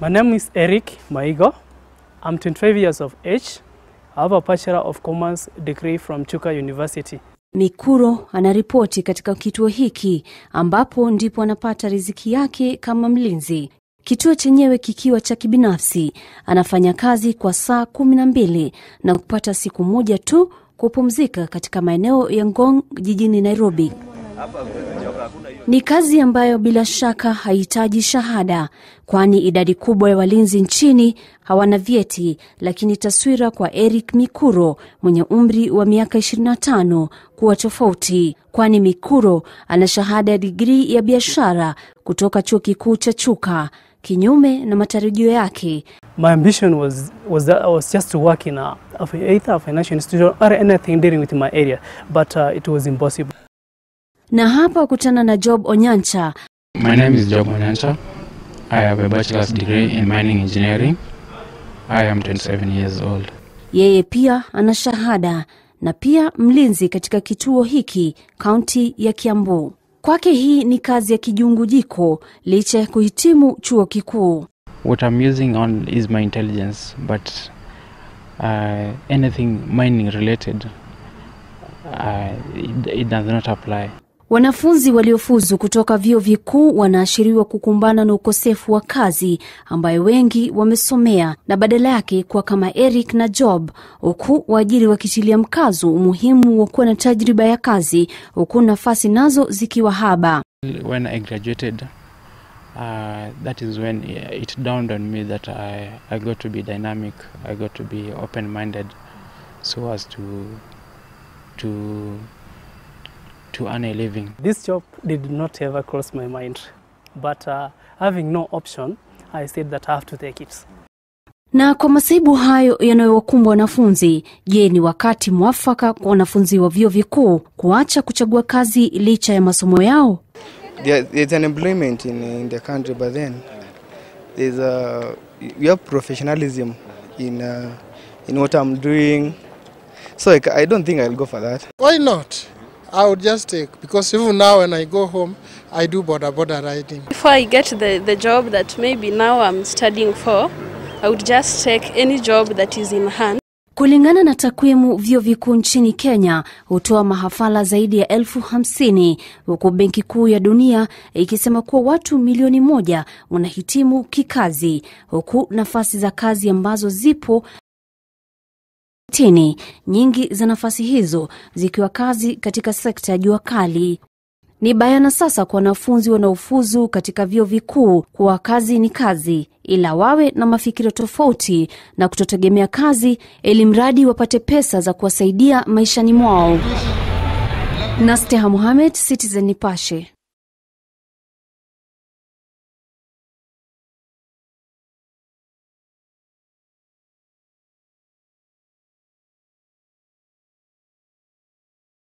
My name is Eric Maigo. I'm 25 years of age. I have a Bachelor of Commerce degree from Chuka University. Mikuro anaripoti katika kituo hiki ambapo ndipo anapata riziki yake kama mlinzi. Kituo chenyewe kikiwa cha kibinafsi, anafanya kazi kwa saa kumi na mbili na kupata siku moja tu kupumzika katika maeneo ya Ngong jijini Nairobi. Ni kazi ambayo bila shaka haihitaji shahada, kwani idadi kubwa ya walinzi nchini hawana vyeti, lakini taswira kwa Eric Mikuro mwenye umri wa miaka 25 kuwa tofauti, kwani Mikuro ana shahada ya digrii ya biashara kutoka chuo kikuu cha Chuka, kinyume na matarajio yake. My ambition was, was that I was just to work in a, uh, a, financial institution or anything dealing with my area, but uh, it was impossible. Na hapa kutana na Job Onyancha. My name is Job Onyancha. I have a bachelor's degree in mining engineering. I am 27 years old. Yeye pia ana shahada na pia mlinzi katika kituo hiki kaunti ya Kiambu. Kwake hii ni kazi ya kijungujiko licha ya kuhitimu chuo kikuu. What I'm using on is my intelligence but uh, anything mining related uh, it, it does not apply. Wanafunzi waliofuzu kutoka vyuo vikuu wanaashiriwa kukumbana na ukosefu wa kazi ambayo wengi wamesomea na badala yake kuwa kama Eric na Job, huku waajiri wakitilia mkazo umuhimu wa kuwa na tajriba ya kazi, huku nafasi nazo zikiwa haba. When I graduated, uh, that is when it dawned on me that I, I got to be dynamic, I got to be open-minded so as to, to to earn a living? This job did not ever cross my mind, but uh, having no option, I said that I have to take it. Na kwa masaibu hayo yanayowakumbwa wanafunzi, je, ni wakati mwafaka kwa wanafunzi wa vyuo vikuu kuacha kuchagua kazi licha ya masomo yao? There, there's an employment in, in the country but then there's a we have professionalism in uh, in what I'm doing so like, I don't think I'll go for that. Why not? I would just take because even now when I go home, I do border border riding. Before I get the, the job that maybe now I'm studying for, I would just take any job that is in hand. Kulingana na takwimu, vyuo vikuu nchini Kenya hutoa mahafala zaidi ya elfu hamsini huku Benki Kuu ya Dunia ikisema kuwa watu milioni moja wanahitimu kikazi, huku nafasi za kazi ambazo zipo sitini, nyingi za nafasi hizo zikiwa kazi katika sekta ya jua kali. Ni bayana sasa kwa wanafunzi wanaofuzu katika vyuo vikuu kuwa kazi ni kazi, ila wawe na mafikira tofauti na kutotegemea kazi, ili mradi wapate pesa za kuwasaidia maishani mwao. Nasteha Mohamed, Citizen Nipashe.